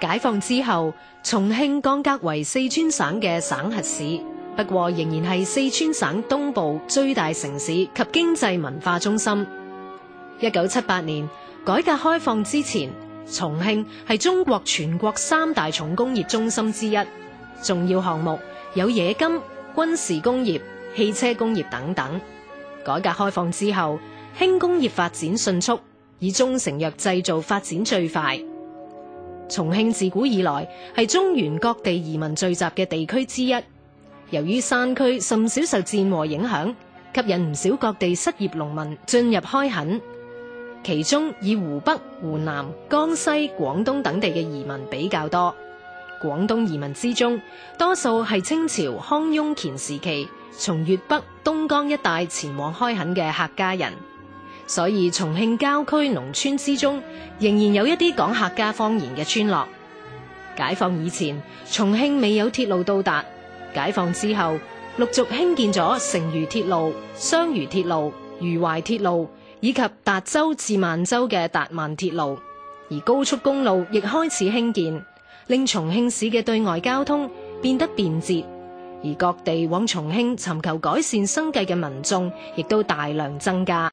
解放之後，重慶降格為四川省嘅省轄市，不過仍然係四川省東部最大城市及經濟文化中心。一九七八年改革開放之前，重慶係中國全國三大重工業中心之一，重要項目有冶金、軍事工業、汽車工業等等。改革開放之後，輕工業發展迅速，以中成藥製造發展最快。重慶自古以來係中原各地移民聚集嘅地區之一。由於山區甚少受戰禍影響，吸引唔少各地失業農民進入開墾。其中以湖北、湖南、江西、廣東等地嘅移民比較多。廣東移民之中，多數係清朝康雍乾時期從粵北東江一帶前往開墾嘅客家人。所以，重慶郊區農村之中仍然有一啲講客家方言嘅村落。解放以前，重慶未有鐵路到達；解放之後，陸續興建咗成渝鐵路、襄渝鐵路、渝懷鐵路以及達州至萬州嘅達萬鐵路。而高速公路亦開始興建，令重慶市嘅對外交通變得便捷。而各地往重慶尋求改善生計嘅民眾，亦都大量增加。